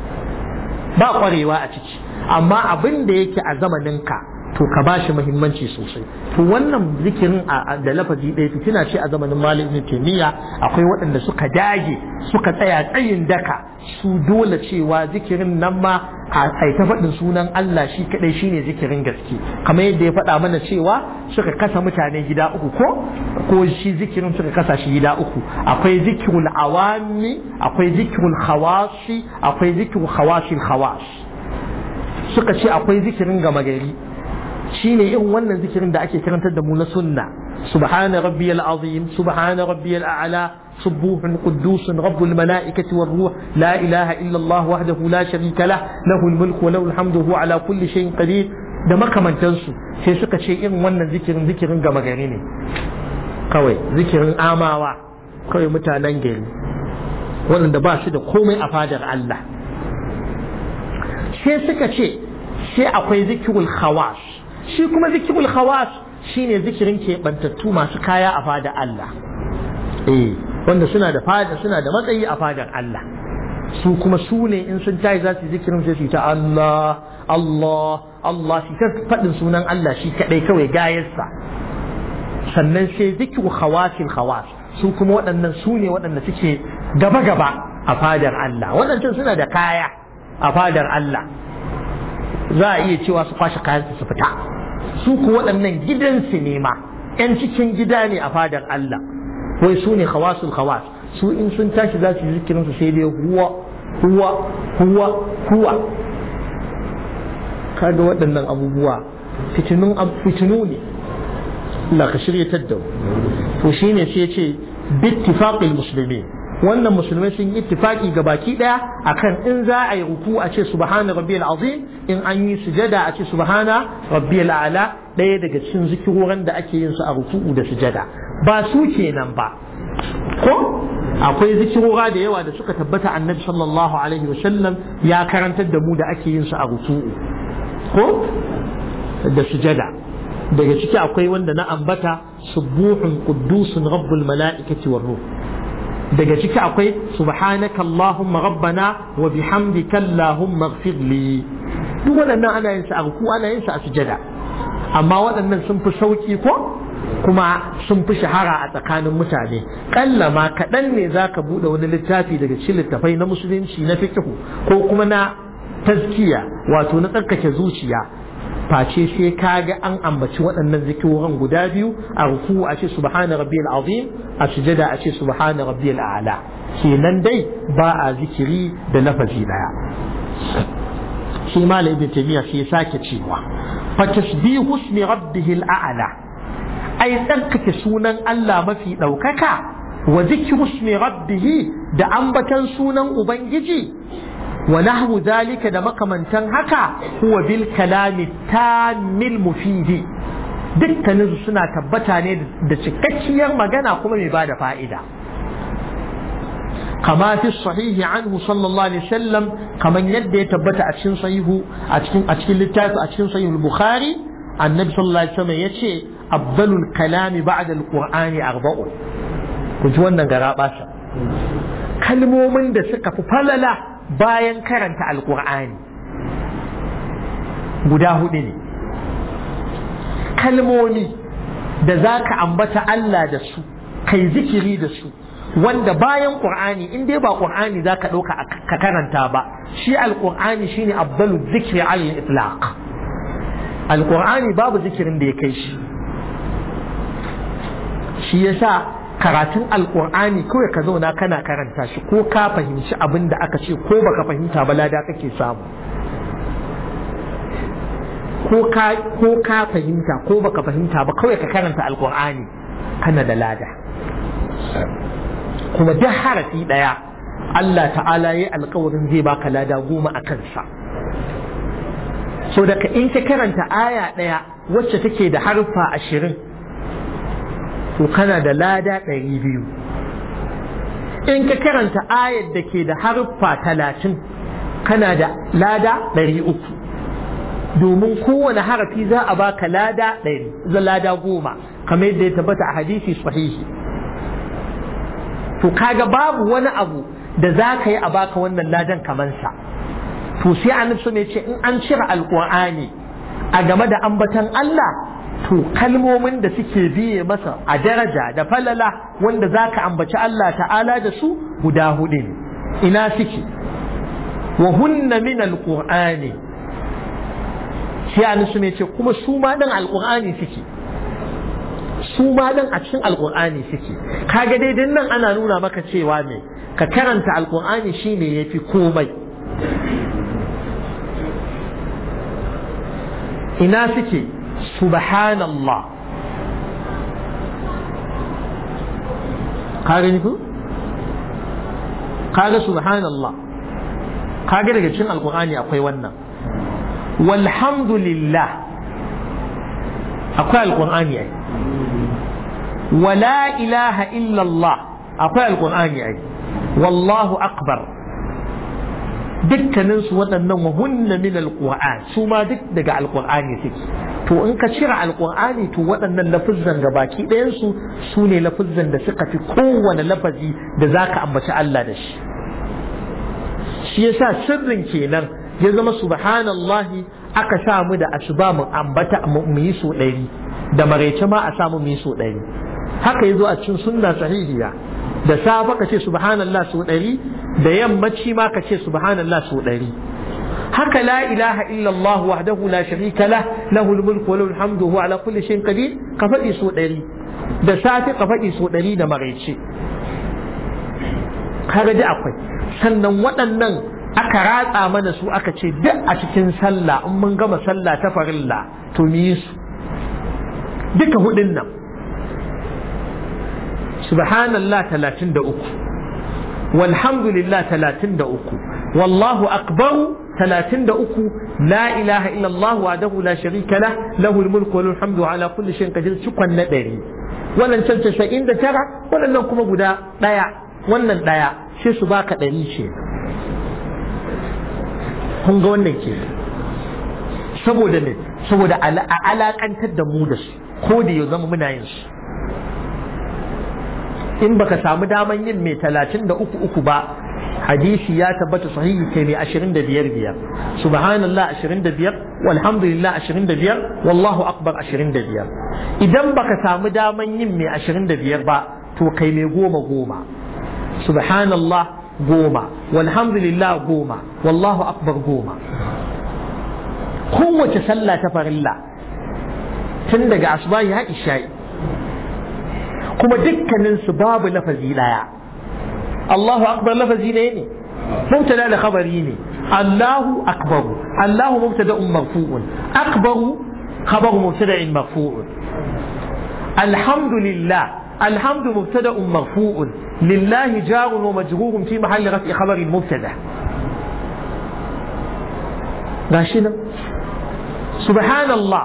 ba kwarewa a ciki amma abin da yake a zamanin ka. to ka ba shi muhimmanci sosai to wannan zikirin a da lafazi ɗaya fitina ce a zamanin malamin ibn taymiya akwai waɗanda suka dage suka tsaya tsayin daka su dole cewa zikirin nan ma a ta faɗin sunan Allah shi kaɗai shine zikirin gaske kamar yadda ya faɗa mana cewa suka kasa mutane gida uku ko ko shi zikirin suka kasa shi gida uku akwai zikirul awami akwai zikirul khawasi akwai zikirul khawasi khawas suka ce akwai zikirin gama gari Shi ne irin wannan zikirin da ake karantar da mu na sunna subhana rabbiyal azim subhana rabbiyal a'la سبوح قدوس رب الملائكة والروح لا إله إلا الله وحده لا شريك له له الملك وله الحمد وهو على كل شيء قدير da makamantansu sai suka ce irin wannan zikirin zikirin gama gari ne kawai zikirin amawa kawai mutanen gari waɗanda ba su da komai a fadar Allah sai suka ce sai akwai zikirul khawas shi kuma zikirul khawas shine zikirin keɓantattu masu kaya a fadar Allah eh, wanda suna da fada suna da matsayi a fadar Allah su kuma su ne in sun tayi za su zikirin sai su ta Allah Allah Allah shi ta faɗin sunan Allah shi kaɗai kawai gayarsa sannan sai zikiru khawasil khawas su kuma waɗannan su ne waɗanda suke gaba gaba a fadar Allah waɗancan suna da kaya a fadar Allah za a iya cewa su kwashe kayansa su fita su ku waɗannan gidansu ne ma ‘yan cikin gida ne a fadar Allah wai su ne khawasul su in sun tashi za su yi zikirinsu sai dai huwa huwa huwa huwa kaga waɗannan abubuwa fitinun fitinu ne Allah ka shirya to shine sai ya ce bittifaqil muslimin wannan musulmai sun yi ittifaki ga baki ɗaya akan in za a yi ruku a ce subhana rabbiyal azim in an yi sujada a ce subhana rabbiyal ala Ɗaya daga cikin zikiroran da ake yin su a ruku'u da sujada ba su kenan ba ko akwai zikirora da yawa da suka tabbata annabi sallallahu alaihi sallam ya karantar da mu da ake yin su a ruku'u ko da sujada daga ciki akwai wanda na ambata subuhun quddusun rabbul mala'ikati war ruh daga ciki akwai subhanaka allahumma rabbana wa bihamdika allahumma ighfirli duk waɗannan ana yin su a ruku ana yin su a sujada amma waɗannan sun fi sauki ko kuma sun fi shahara a tsakanin mutane ƙalla ma kaɗan ne za ka buɗe wani littafi daga cikin littafai na musulunci na fikihu ko kuma na tazkiya wato na tsarkake zuciya face sai kaga an ambaci waɗannan zikirorin guda biyu a ruku a ce subhana rabbiyal azim a sujada a ce subhana rabbiyal a'la kenan dai ba a zikiri da lafazi daya shi malam ibn taymiya shi ya sake cewa fa tasbihu ismi rabbihil a'la ai tsarkake sunan Allah mafi ɗaukaka wa zikru ismi rabbihi da ambatan sunan ubangiji wa nahwu zalika da makamantan haka huwa bil kalami tamil mufidi dukkanin su suna tabbata ne da cikakkiyar magana kuma mai bada fa'ida kama fi sahihi anhu sallallahu alaihi wasallam kaman yadda ya tabbata a cikin sahihu a cikin a cikin littafi a cikin sahihul bukhari annabi sallallahu alaihi wasallam yace afdalul kalami ba'da alqur'ani arba'un ku ji wannan garaba kalmomin da suka fi falala bayan karanta alƙur'ani guda hudu ne kalmomi da za ka ambata Allah da su kai zikiri da su wanda bayan ƙur'ani in dai ba ƙur'ani za ka ɗauka ka karanta ba shi alƙur'ani shine abdalu zikiri al itlaq alƙur'ani babu zikirin da ya kai shi shi yasa karatun alkur'ani kawai ka zauna kana karanta shi ko ka fahimci abin da aka ce ko baka fahimta ba lada kake samu ko ka fahimta ko baka fahimta ba kawai ka karanta alkur'ani kana da lada kuma duk harafi ɗaya. Allah ta'ala ya alkawarin zai baka lada goma a kansa so daga in ka karanta aya ɗaya wacce take da harfa ashirin to kana da lada ɗari biyu in ka karanta ayar da ke da haruffa talatin kana da lada ɗari uku domin kowane harafi za a baka lada ɗari za lada goma kamar yadda ya tabbata a hadisi sahihi to kaga babu wani abu da za ka yi a baka wannan ladan kamansa to sai annabi ya ce in an cire alqur'ani a game da ambatan Allah to kalmomin da suke biye masa a daraja da falala wanda za ka ambaci Allah ta'ala da su guda hudu ne ina suke wa hunna min alqur'ani shi an su ce kuma su ma dan alqur'ani suke su ma dan a cikin alqur'ani suke kaga dai din nan ana nuna maka cewa me ka karanta alqur'ani shine yafi komai ina suke سبحان الله قال قال سبحان الله قال لك شنو القران يا والحمد لله اقوى القران يعني ولا اله الا الله اقوى القران يعني والله اكبر dukkanin su waɗannan wa hunna min alquran su ma duk daga alqur'ani suke to in ka cire alqur'ani to waɗannan lafuzzan ga baki ɗayan su su ne lafuzzan da suka fi kowane lafazi da zaka ambaci Allah da shi shi yasa sirrin kenan ya zama subhanallahi aka sa mu da asuba mu ambata mu yi so ɗari da maraice ma a samu mu yi so ɗari haka yazo a cikin sunna sahihiya da safa ka ce subhanallah so ɗari da yammaci ma ka ce subhanallah sau ɗari haka la ilaha illallah wahdahu la sharika lah lahul mulku wa lahul hamdu huwa ala kulli shay'in qadir ka faɗi sau ɗari da safe ka faɗi sau ɗari da maraice kaga da akwai sannan waɗannan aka ratsa mana su aka ce duk a cikin sallah in mun gama sallah ta farilla to mu su duka hudun nan subhanallah talatin da uku walhamdulillah 33 talatin da uku la ilaha illallah wahdahu la sharika lah lahul mulku wal hamdu ala kulli shay'in qadir cikon na 100 wannan can 99 wannan kuma guda daya wannan daya sai su baka 100 ce kun ga wannan ke saboda a alakantar da mu da ko da ya zama muna yin su in baka samu daman yin mai talatin da uku uku ba hadisi ya tabbata sahihi kai mai ashirin da biyar biyar subhanallah ashirin da biyar walhamdulillah ashirin da biyar wallahu akbar ashirin da biyar idan baka samu daman yin mai ashirin da biyar ba to kai mai goma goma subhanallah goma walhamdulillah goma wallahu akbar goma kowace sallah ta farilla tun daga asubahi har isha'i kuma dukkaninsu babu lafazi daya Allahu akbar lafazi ne ne mubtada da khabari ne Allahu akbaru Allahu mubtada'un marfu'un akbaru khabaru mubtada'in marfu'un alhamdulillah الحمد مبتدا مرفوع لله جار ومجرور في محل رفع خبر مبتدا غاشنا سبحان الله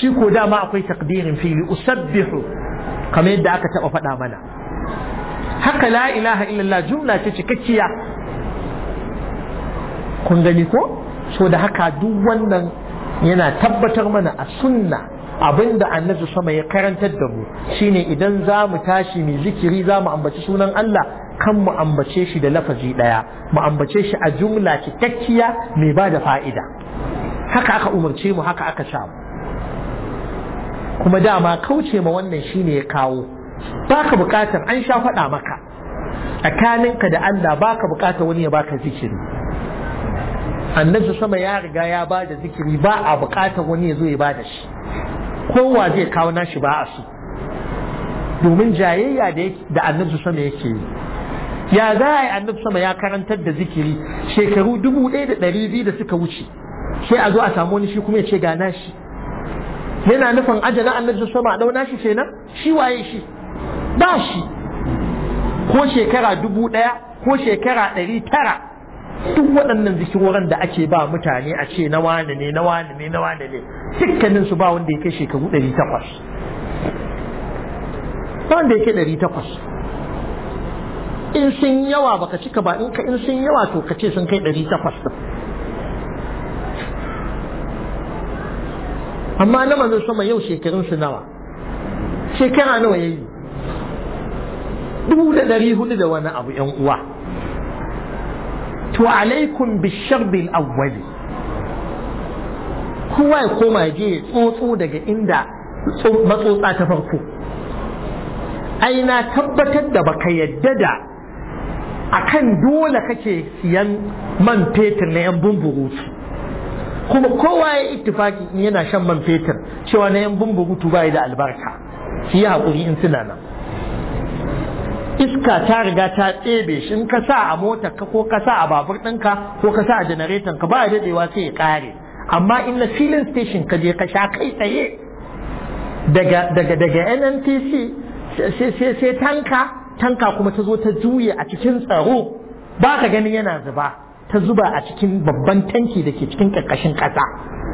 شكو دا ما أقوي تقدير فيه أسبح kamar yadda aka taɓa faɗa mana haka la ilaha illallah jumla ce cikakkiya kun gani ko so da haka duk wannan yana tabbatar mana a sunna abinda annabi sama ya karantar da mu shine idan za mu tashi mai zikiri za mu ambaci sunan Allah kan mu ambace shi da lafazi ɗaya mu ambace shi a jumla cikakkiya mai ba da fa'ida haka aka umarce mu haka aka sha mu kuma dama kauce ma wannan shine ya kawo baka bukatar an sha faɗa maka tsakaninka da Allah baka bukatar wani ya baka zikiri annabi sama ya riga ya ba da zikiri ba a bukatar wani ya zo ya ba da shi kowa zai kawo nashi ba a su domin jayayya da annabi sama yake yi ya za a yi annabi sama ya karantar da zikiri shekaru dubu ɗaya da ɗari biyu da suka wuce sai a zo a samu wani shi kuma ya ce ga nashi yana nufin ajalin annabi sama a dauna shi kenan shi waye shi ba shi ko shekara dubu ɗaya ko shekara ɗari tara duk waɗannan zikirorin da ake ba mutane a ce na wane ne na wane ne na wane ne dukkanin su ba wanda ya kai shekaru ɗari takwas ba wanda ya kai ɗari takwas in sun yawa baka cika ba in sun yawa to ka ce sun kai ɗari takwas amma na manzon sama yau shekarun su nawa shekara nawa yayi dubu da dari hudu da wani abu yan uwa to alaikum bisharbil awwali kowa ya koma je tsotso daga inda matsotsa ta farko ai na tabbatar da baka yadda da akan dole kake siyan man fetur na yan bumburutu kuma kowa ya ittifaki in yana shan man fetur cewa na yan bumbugutu ba da albarka shi ya hakuri in suna nan iska ta riga ta tsebe shi in ka sa a motar ka ko ka sa a babur ɗinka ko ka sa a janareton ka ba da daɗewa sai ya ƙare amma in na filin station ka je ka sha kai tsaye daga daga daga nntc sai tanka tanka kuma ta zo ta juye a cikin tsaro ba ka ganin yana zuba ta zuba a cikin babban tanki da ke cikin ƙarƙashin ƙasa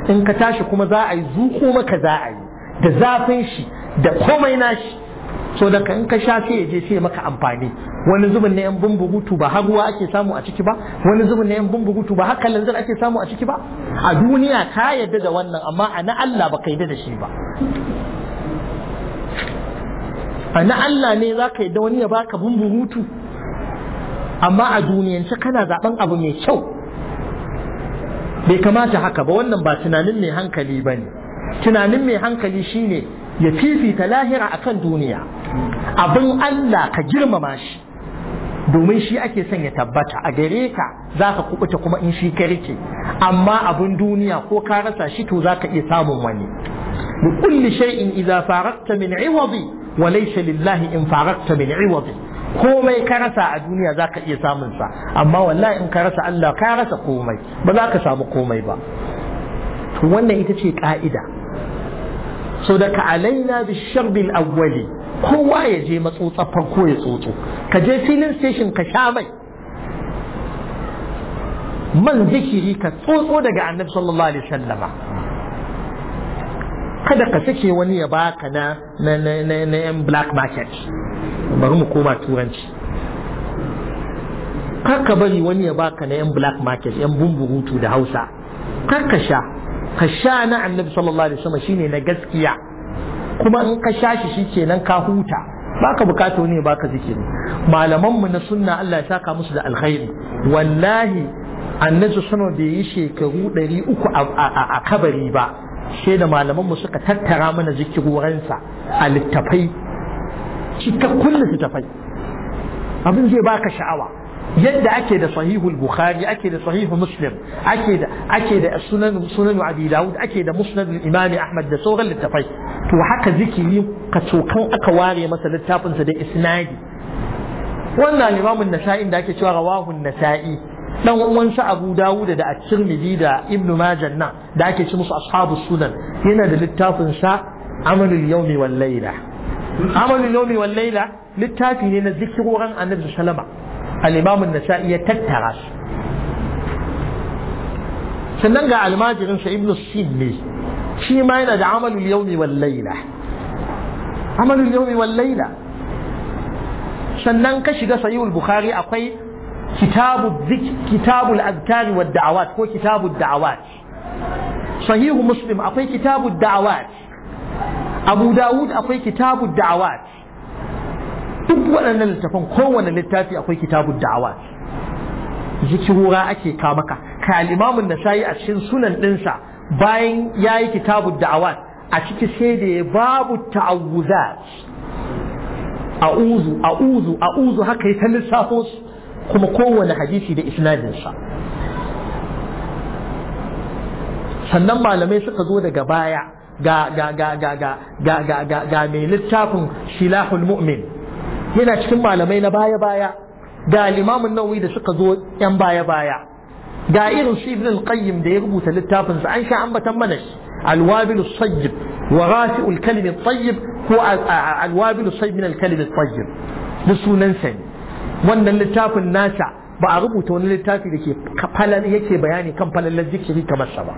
in ka tashi kuma za a yi zuko maka za a yi da zafin shi da komai nashi so da in ka sha sai ya je sai maka amfani wani zubin na yan bumbugutu ba haguwa ake samu a ciki ba wani zubin na yan bumbugutu ba haka lanzar ake samu a ciki ba a duniya ka yadda da wannan amma a na Allah ba ka yadda da shi ba a na Allah ne za ka yadda wani ya baka bumbugutu amma a duniyance kana zaben abu mai kyau bai kamata haka ba wannan ba tunanin mai hankali ba ne tunanin mai hankali shine ya fifita lahira akan duniya abin Allah ka girmama shi domin shi ake son ya tabbata a gare ka za ka kubuta kuma in shi ka rike amma abin duniya ko ka rasa shi to za ka iya samun wani bi kulli shay'in idza faraqta min 'iwadi wa laysa lillahi in faraqta min 'iwadi komai ka rasa a duniya za ka iya samun sa amma wallahi in ka rasa Allah ka rasa komai ba za ka samu komai ba to wannan ita ce ka'ida so da ka alaina bi sharbil awwali kowa ya je matsotsa farko ya tsotso ka je filin station ka sha mai man zikiri ka tsotso daga annabi sallallahu alaihi wasallama kada ka sake wani ya baka na na yan black market bari mu koma turanci kar ka bari wani ya baka na yan black market yan bumburutu da hausa kar ka sha ka sha na annabi sallallahu alaihi wasallam shine na gaskiya kuma in ka sha shi shikenan ka huta baka bukata wani ya baka zikiri malaman mu na sunna Allah ya saka musu da alkhairi wallahi annabi sallallahu bai yi shekaru 300 a kabari ba sai da malaman mu suka tattara mana zikirorinsa a littafai cikakkun littafai abin zai baka sha'awa yadda ake da sahihul bukhari ake da sahihu muslim ake da ake da sunan sunan abi daud ake da musnad imam ahmad da sauran littafai to haka zikiri ka cokan aka ware masa littafinsa da isnadi wannan imamun nasa'in da ake cewa rawahun nasa'i dan uwansa Abu Dawud da At-Tirmidhi da Ibn Majah nan da ake ci musu ashabu sunan yana da littafin sa Amalul Yawmi wal Layla Amalul Yawmi wal Layla littafi ne na zikiroran Annabi sallama al-Imam an-Nasa'i ya tattara shi sannan ga almajirin sa Ibn Sidni shi ma yana da Amalul Yawmi wal Layla Amalul Yawmi wal Layla sannan ka shiga sahihul Bukhari akwai kitabu kitabul azkari wa da'awat ko kitabu da'awat sahihu muslim akwai kitabu da'awat abu dawud akwai kitabu da'awat duk waɗannan littafin kowane littafi akwai kitabu jiki zikirura ake ka maka ka al-imamun nasa'i a cikin sunan ɗinsa bayan yayi kitabu da'awa a ciki sai da ya babu ta'awuzat uzu a uzu haka ya ta lissafo kuma kowane hadisi da isnadinsa sannan malamai suka zo daga baya ga ga ga ga ga ga ga ga ga mai littafin shilahul mu'min yana cikin malamai na baya baya ga limamin nawawi da suka zo yan baya baya ga irin su ibn al-qayyim da ya rubuta littafin sa an sha ambatan mana shi al-wabil as-sayyib wa rafi'ul kalim at-tayyib ko al-wabil as-sayyib min al-kalim at-tayyib da sunan sa ne wannan littafin nasa ba a rubuta wani littafi da ke yake bayani kan falalar zikiri kamar sa ba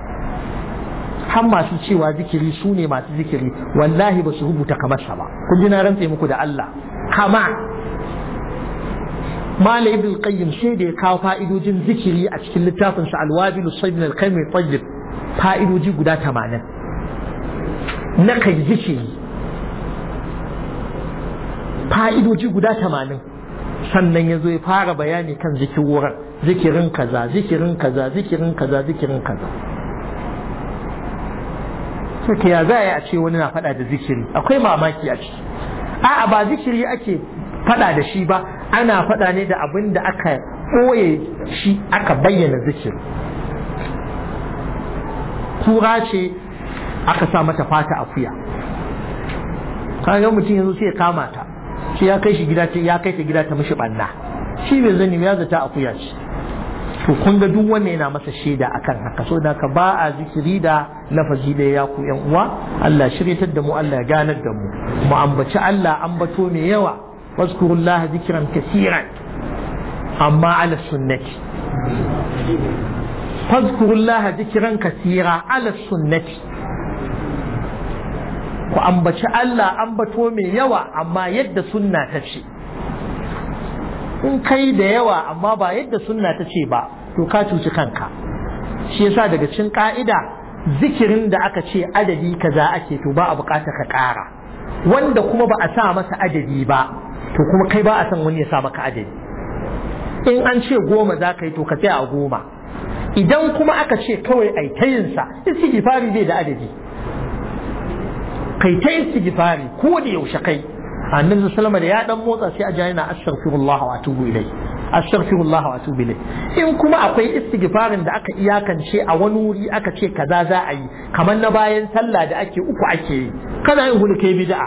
har masu cewa zikiri su ne masu zikiri wallahi ba su rubuta kamar sa ba kun ji na rantse muku da Allah Hama! Malam Ibn Qayyim sai da ya kawo fa'idojin zikiri a cikin littafin sa Al-Wabil Sayyid Al-Qayyim Tayyib fa'idoji guda 80 na kai zikiri fa'idoji guda 80 sannan ya zo ya fara bayani kan zikirin zikirin kaza zikirin kaza zikirin kaza zikirin kaza suka ya za a ce wani na fada da zikiri akwai mamaki a ciki a'a ba zikiri ake fada da shi ba ana fada ne da abin da aka koye shi aka bayyana zikiri kura ce aka sa mata fata akuya kaga mutum yanzu sai kama ta shi ya kai shi gida ta ya kai ta gida ta mishi banna shi bai zani ya zata akuya ce to kun ga duk wanda yana masa shaida akan haka so da ka ba a zikiri da lafazi da ya ku yan uwa Allah shiryatar da mu Allah ganar da mu mu ambaci Allah ambato mai yawa wazkurullah zikran kaseeran amma ala sunnati fazkurullah zikran kaseera ala sunnati ku ambaci Allah ambato mai yawa amma yadda sunna ta ce in kai da yawa amma ba yadda sunna ta ce ba to ka cuci kanka shi yasa daga cikin ka'ida zikirin da aka ce adadi kaza ake to ba a bukata ka kara wanda kuma ba a sa masa adadi ba to kuma kai ba a san wani ya sa maka adadi in an ce goma za ka yi to ka tsaya a goma idan kuma aka ce kawai aitayinsa istighfari zai da adadi kai ta istighfari ko da yaushe kai annabi sallama da ya dan motsa sai a ji yana astaghfirullah wa atubu ilai astaghfirullah wa atubu ilai in kuma akwai istighfarin da aka iyakance a wani wuri aka ce kaza za a yi kamar na bayan sallah da ake uku ake yi kana yin hulke bid'a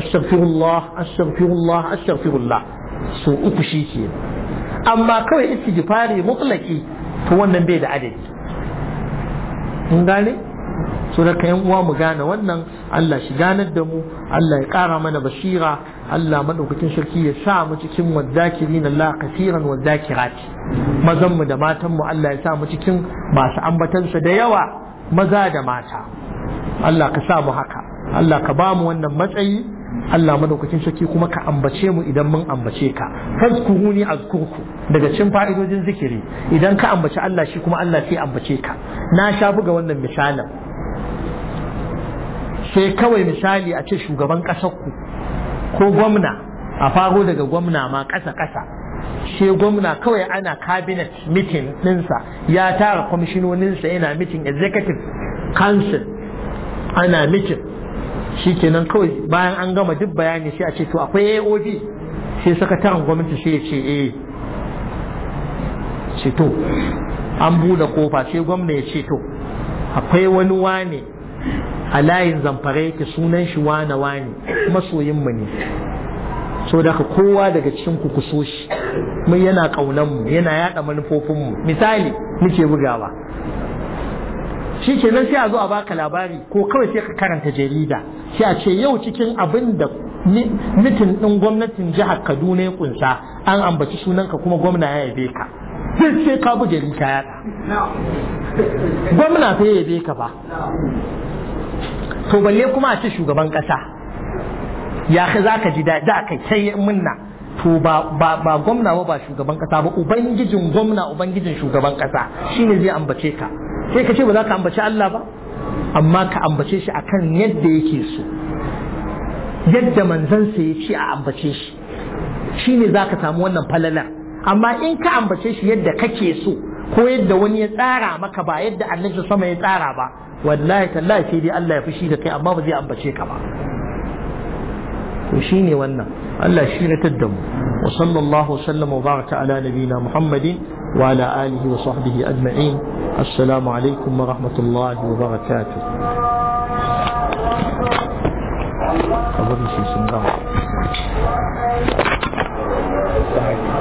astaghfirullah astaghfirullah astaghfirullah so uku shi ke amma kawai istighfari mutlaki to wannan bai da adadi kun gane so da kayan uwa mu gane wannan Allah shi ganar da mu Allah ya kara mana basira Allah madaukakin sarki ya sa mu cikin wadzakirin Allah kafiran wadzakirati mazan mu da matan mu Allah ya sa mu cikin masu ambatansa da yawa maza da mata Allah ka sa mu haka Allah ka ba mu wannan matsayi Allah madaukakin sarki kuma ka ambace mu idan mun ambace ka fazkuruni azkurku daga cikin fa'idojin zikiri idan ka ambaci Allah shi kuma Allah sai ambace ka na sha buga wannan misalin sai kawai misali a ce shugaban ƙasarku ko gwamna a faro daga gwamna ma ƙasa-ƙasa sai gwamna kawai ana cabinet meeting ɗinsa ya tara kwamishinoninsa yana meeting executive council ana meeting shi kenan kawai bayan an gama duk bayani sai a ce to akwai aob sai sakataren gwamnati sai ya ce eh ce an buɗe kofa sai gwamna ya ce to akwai wani wane a layin zamfara yake sunan shi wane wane mu ne so daga kowa daga cikin ku kuso shi mun yana kaunan mu yana yada manufofin mu misali muke bugawa shi ke nan sai a zo a baka labari ko kawai sai ka karanta jarida sai a ce yau cikin abin da mitin din gwamnatin jihar Kaduna ya kunsa an ambaci sunanka kuma gwamna ya yabe ka sai ka bi jarida ya gwamna sai ya yabe ka ba to balle kuma a ce shugaban kasa ya ka za ka ji daɗi a kai sai munna to ba gwamna ba ba shugaban kasa ba ubangijin gwamna ubangijin shugaban kasa shi ne zai ambace ka sai ka ce ba za ka ambace Allah ba amma ka ambace shi akan yadda yake so yadda manzansa ya ce a ambace shi shi ne za ka samu wannan falalar amma in ka ambace shi yadda kake so ko yadda wani ya tsara maka ba yadda annabi sama ya tsara ba wallahi tallahi sai dai Allah ya fushi da kai amma ba zai ambace ka ba to shine wannan Allah shi ne da mu wa sallallahu sallama wa baraka ala nabina Muhammadin wa ala alihi wa sahbihi ajma'in assalamu alaikum wa rahmatullahi wa barakatuh Allah shi sun gama